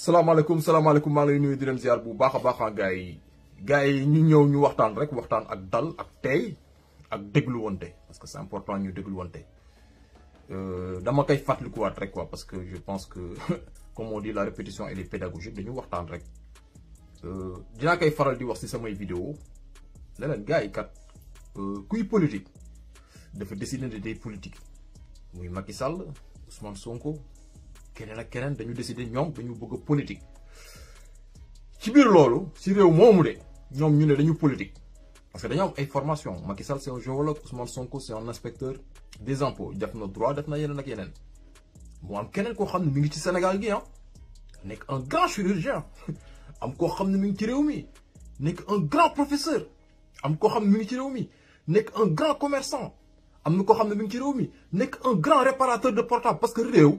Salam alaikum salam alaikum lay nuyu di len ziar bu baax alaikum, gaay gaay ñu ñew ñu rek ak dal ak ak parce que c'est important ñu euh dama fatlu rek quoi parce que je pense que comme on dit la répétition et est pédagogique dañu waxtaan rek euh, dina kay faral di wax ci alaikum, vidéo alaikum, gaay kat euh kuy politique décider de politique Macky Sall Ousmane Sonko keneen ak keneen dañu décider ñoom dañu bëgg politique ci biir lolu si réew moomu dé ñom ñu né dañu politique parce que dañu am ay formation Macky Sall c'est un géologue Ousmane Sonko c'est un inspecteur des impôts def na droit def na yeneen ak yeneen mu am keneen ko xamni mi ngi ci Sénégal gi hein ah. nek un grand chirurgien am ko xamni mi ngi ci réew mi nek un grand professeur am ko xamni mi ngi ci réew mi nek un grand commerçant am ko xamni mi ngi ci réew mi nek un grand réparateur de portable parce que réew.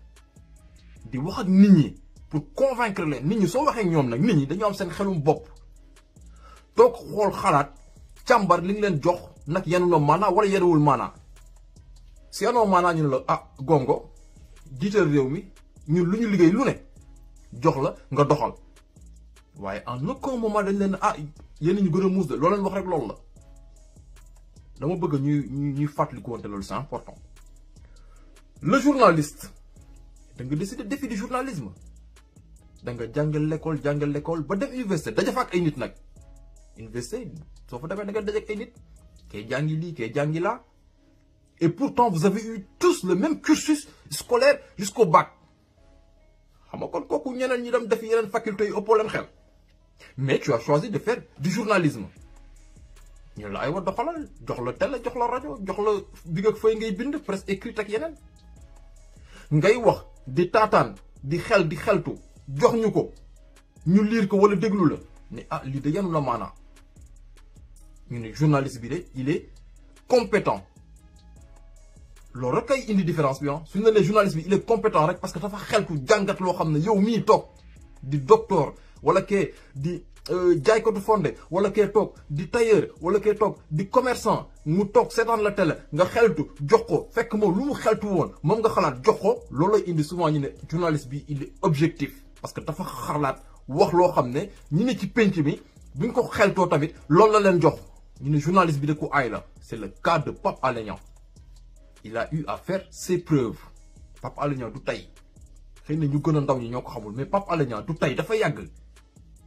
di wax ak nit pour convaincre leen nit ñi soo waxee ñoom nag nit ñi am seen xelum bopp toog xool xalaat càmbar li jox nag yenu wala si ñu ah gongo lu ne jox la nga doxal en aucun moment dañ leen ah yéen ñu a de leen wax rek loolu la dama bëgg ñuy ñuy c'est important le journaliste da nga décider défi du journalisme da nga jàngal l'école jàngal l'école ba dem université daja fa ak ay nit nag université soo fa demee da nga daje ak ay nit kay jàngi lii kay jàngi laa et pourtant vous avez eu tous le même cursus scolaire jusqu'au bac xam nga kon kooku ñeneen ñi dem def yeneen faculté yi ëppoo leen xel mais tu as choisi de faire du journalisme ñu la ay war doxalal jox la télé jox la rajo jox la digg ak fay ngay bind presse écrite ak yeneen ngay wax di tatane di xel di xeltu jox ñu ko ñu lire ko wala déglu la ne ah li de mana ñu journaliste il est compétent Le recueil, kay indi différence bi ah. suñu journaliste il est compétent rek parce que dafa xeltu jàngat loo yow di docteur wala kee di euh, jaay ko du fondé wala tok di tailleur wala tok di commerçant mu tok sétane la télé nga xeltu jox ko fekk mo lu xeltu won mom nga jox ko indi souvent ñu journaliste il est objectif parce que dafa xarlat wax lo xamné ñi ne ci mi la journaliste bi Kouaïla, c'est le cas de Pape Alénian. il a eu à faire ses preuves Pape Alénian du ñu ndaw ñi xamul mais Pape Alénian du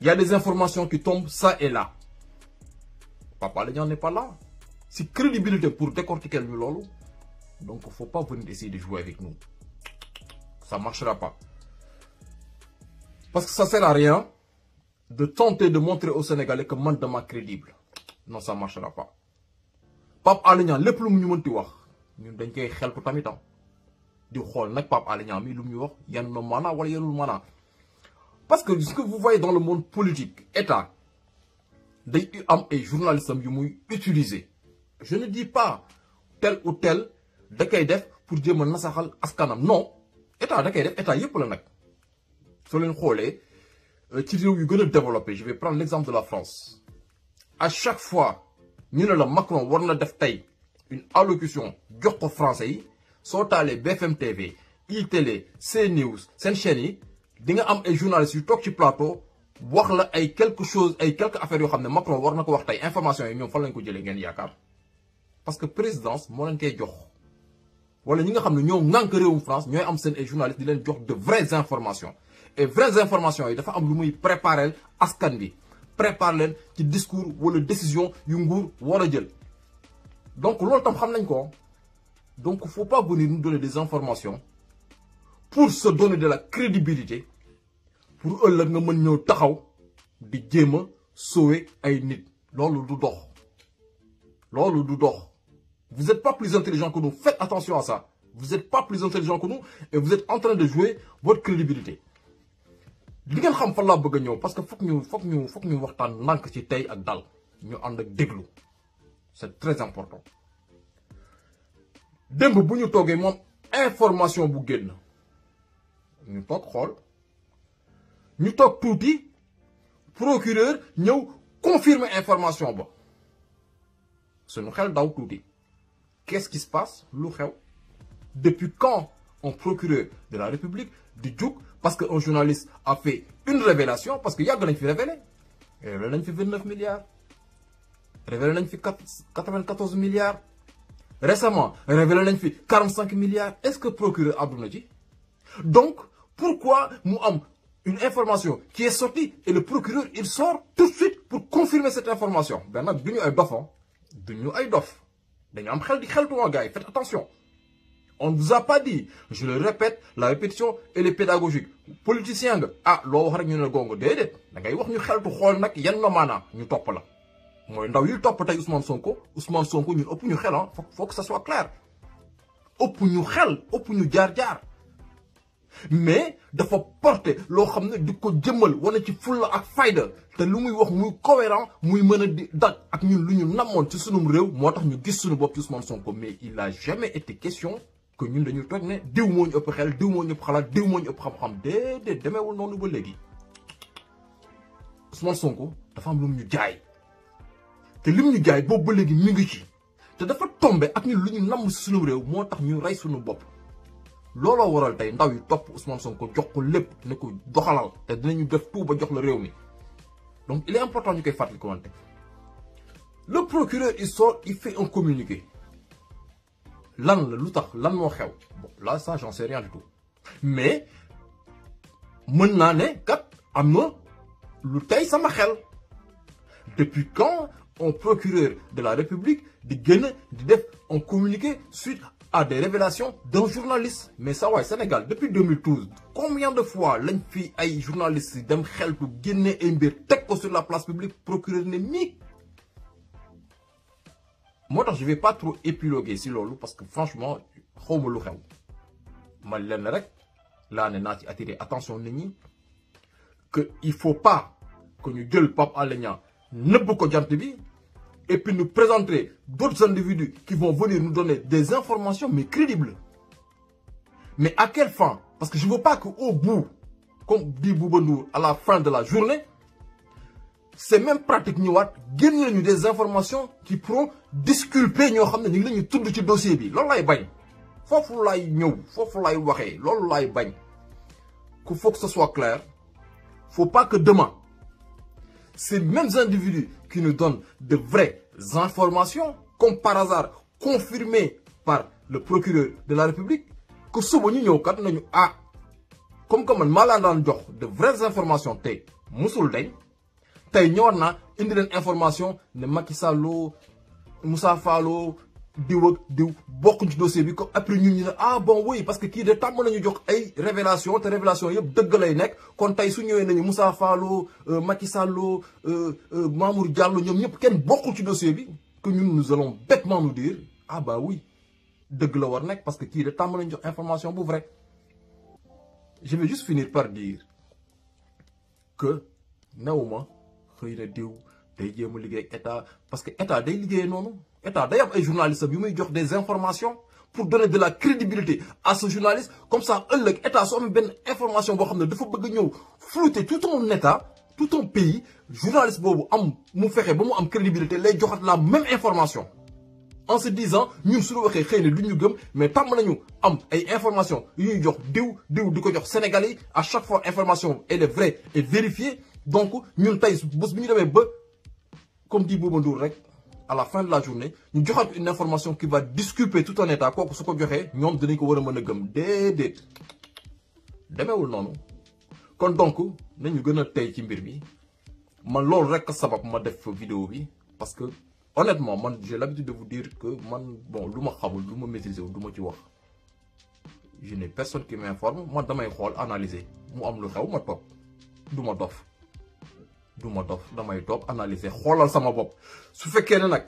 Il y a des informations qui tombent, ça et là. Papa Léon n'est pas là. C'est crédibilité pour décortiquer le lolo. Donc, il ne faut pas venir essayer de jouer avec nous. Ça ne marchera pas. Parce que ça ne sert à rien de tenter de montrer aux Sénégalais que Mandama est crédible. Non, ça ne marchera pas. Papa Alignan, le plus nous dit, nous devons faire des choses. Nous devons faire des Nous devons faire des choses. Nous devons faire des parce que ce que vous voyez dans le monde politique état y am et journalistes sont utilisés. je ne dis pas tel ou tel da pour def pour dire a nasaxal askanam non état da est def état yëpp la nag soo leen le euh, ci réew yu je vais prendre l'exemple de la France à chaque fois ñu Macron war une allocution jox français sont allés BFM TV E-Télé, CNews seen chaîne di nga am ay journalistes yu tok ci plateau wax la ay quelque chose ay quelque affaires yo xamne Macron war na wax tay information yi ñoom fan lañ ko jëlé ngeen yaakaar parce que présidence mo lañ tay jox wala ñi nga xamne ne ñoo ŋànk réewum France ñoy am seen ay journalistes di leen jox de vraies informations et vraies informations yi dafa am lu muy préparer askan bi prépare leen ci discours wala décision yu nguur war jël donc loolu tam xam nañ ko donc faut pas venir nous donner des informations pour se donner de la crédibilité pour ëllëg nga mën ñëw taxaw di jéem sauver ay nit lolu du dox lolu du dox vous êtes pas plus intelligent que nous faites attention à ça vous êtes pas plus intelligent que nous et vous êtes en train de jouer votre crédibilité li ngeen xam fa la bëgg ñëw parce que foog ñu foog ñu foog ñu waxtaan ndànk ci tay ak dal ñu and ak déglu c'est très important demb bu ñu toogee moom information bu génn ñu quoi, tout ñu tok touti procureur ñëw confirmer information ba suñu xel daw touti qu'est-ce qui se passe lu depuis quand un procureur de la République dit jug parce qu'un journaliste a fait une révélation parce qu'il que y a fi révélé révélé lañ fi 29 milliards révélé lañ fi 94 milliards récemment révélé 45 milliards est-ce que procureur a donc pourquoi nous avons une information qui est sortie et le procureur, il sort tout de suite pour confirmer cette information. Ben là, nous sommes nous Faites attention. On ne vous a pas dit, je le répète, la répétition, elle est pédagogique. Politiciens, ah, l'on va dire que dédé, dangay wax ñu xeltu xol nak yan nous ñu top la moy ndaw top Ousmane Sonko Ousmane Sonko hein. faut que ça soit clair ñu xel ñu mais dafa porté porter lo ne diko ko jëmmal ci full ak fayda te lu muy wax muy cohérent muy mën a di daj ak ñun lu ñu namoon ci sunum rew motax ñu gis sunu bop ci Ousmane Sonko mais il a jamais été question que ñun dañu tok ne diw moñu ñu ëpp xel diw moñu ñu ëpp xalaat diw moñu ñu ëpp xam-xam déedéet demeewul noonu ba légui Ousmane Sonko dafa am lu ñu jaay te lim ñu jaay bop ba légui mi ngi ci te dafa tomber ak ñun lu ñu namm ci sunum rew motax ñu ray sunu bop lolo waral tay ndaw top topp Ousmane Sonko jox ko lepp ne ko doxalal te dinañu def tout ba jox la réew donc il est important ñu faire le ko wante le procureur il sort il fait un communiqué lan la lutax lan moo xew bon là ça j'en sais rien du tout mais mën année ne kat nous lu tay sama xel depuis quand un procureur de la République di gëna di def un communiqué suite à des révélations d'un journaliste mais ça ouais, Sénégal depuis 2012 combien de fois lañ a ay journalistes d'un help xeltu génne ay mbir sur la place publique procureur ennemi moi moi je vais pas trop épiloguer si l'eau parce que franchement je lu xew ma lenn rek je ne attention nit que il faut pas que nous jël Pape à Niang ne ko jant bi et puis nous présenter d'autres individus qui vont venir nous donner des informations, mais crédibles. Mais à quelle fin Parce que je ne veux pas qu'au bout, comme dit Boubonour, à la fin de la journée, ces mêmes pratiques nous gagnent des informations qui pourront disculper nous tout le dossier. C'est ce que faut que ce soit clair. Il ne Faut pas que demain ces mêmes individus qui nous donnent de vraies informations, comme par hasard confirmées par le procureur de la République, que ce ah, comme un malade de vraies informations t'es musul tay tey une information ne Macky Moussa Falo diw ak diw bokkuñ ci dossier bi comme après ñun nous ah bon oui parce que kii de tàmm nañu jox ay révélation te révélation a dëgg lay nek kon tey su ñëwee nañu Moussa Fallo euh, Macky Sallo euh, euh, Mamour Diallo ñoom ñëpp kenn bokkul ci dossier bi que ñun nous allons bêtement nous dire ah bah oui de la war parce que kii de tàmm nañu jox information bu vrai je vais juste finir par dire que newuma xëy na diw des gens a liggéey ak état parce que état day liggéeyee non état day ay journalistes bi muy jox des informations pour donner de la crédibilité à ce journaliste comme ça ëllëg état su amee information bo xamne dafa bëgg ñëw flouter tout ton état tout ton pays journaliste journalistes am mu fexé ba mu am crédibilité lay joxat la même information. en se disant ñun suñu waxé xeyna duñu gëm mais tam nañu am ay information yu ñuy jox diw diw diko jox Sénégalais à chaque fois information elle est vraie et vérifiée donc ñun tay bus bu ñu ba comme dit Bouba rek à la fin de la journée nous avons une information qui va disculper tout un état quoi su ko joxee nous avons ko que nous avons dit demain ou donc nous avons ci mbir bi que rek vidéo parce que honnêtement j'ai l'habitude de vous dire que bon xamul maîtriser je je n'ai personne qui m'informe Moi, damay analyser Je am lu du ma dof damay toog analyser xoolal sama bopp su fekkee ne nag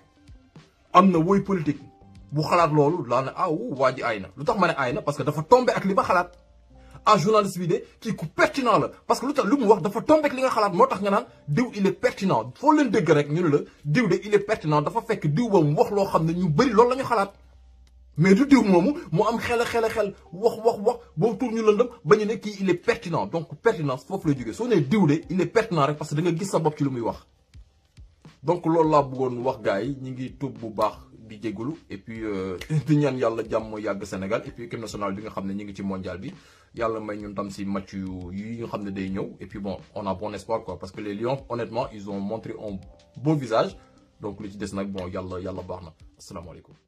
am na woy politique bu xalaat loolu laa ne ah waa ji aay na lu tax ma ne aay na parce que dafa tombé ak li ma xalaat ah journaliste bi de kii ku pertinent la parce que lu tax lu mu wax dafa tombé ak li nga xalaat moo tax nga naan diw il est pertinent foo leen dégg rek ñu ne la diw de il est pertinent dafa fekk diw ba mu wax loo xam ne ñu bëri loolu la ñu xalaat. mais du diw momu mo am xel a xel xel wax wax wax bo tur ñu lëndëm ba ñu ne kii il est pertinent donc pertinence foofu lay jógee soo nee diw de il est pertinent rek parce que da nga gis sa bopp ci lu muy wax. donc loolu la bëggoon wax gaay ñi ngi tuub bu baax di jégalu et puis euh, di ñaan yalla jamm yàgg Sénégal et puis équipe nationale bi nga xamné ñi ngi ci mondial bi yalla may ñun tam ci match yu yi nga xamné day ñëw et puis bon on a bon espoir quoi parce que les Lions honnêtement ils ont montré un beau visage donc li ci des nag bon yalla yalla baxna na asalaamaaleykum.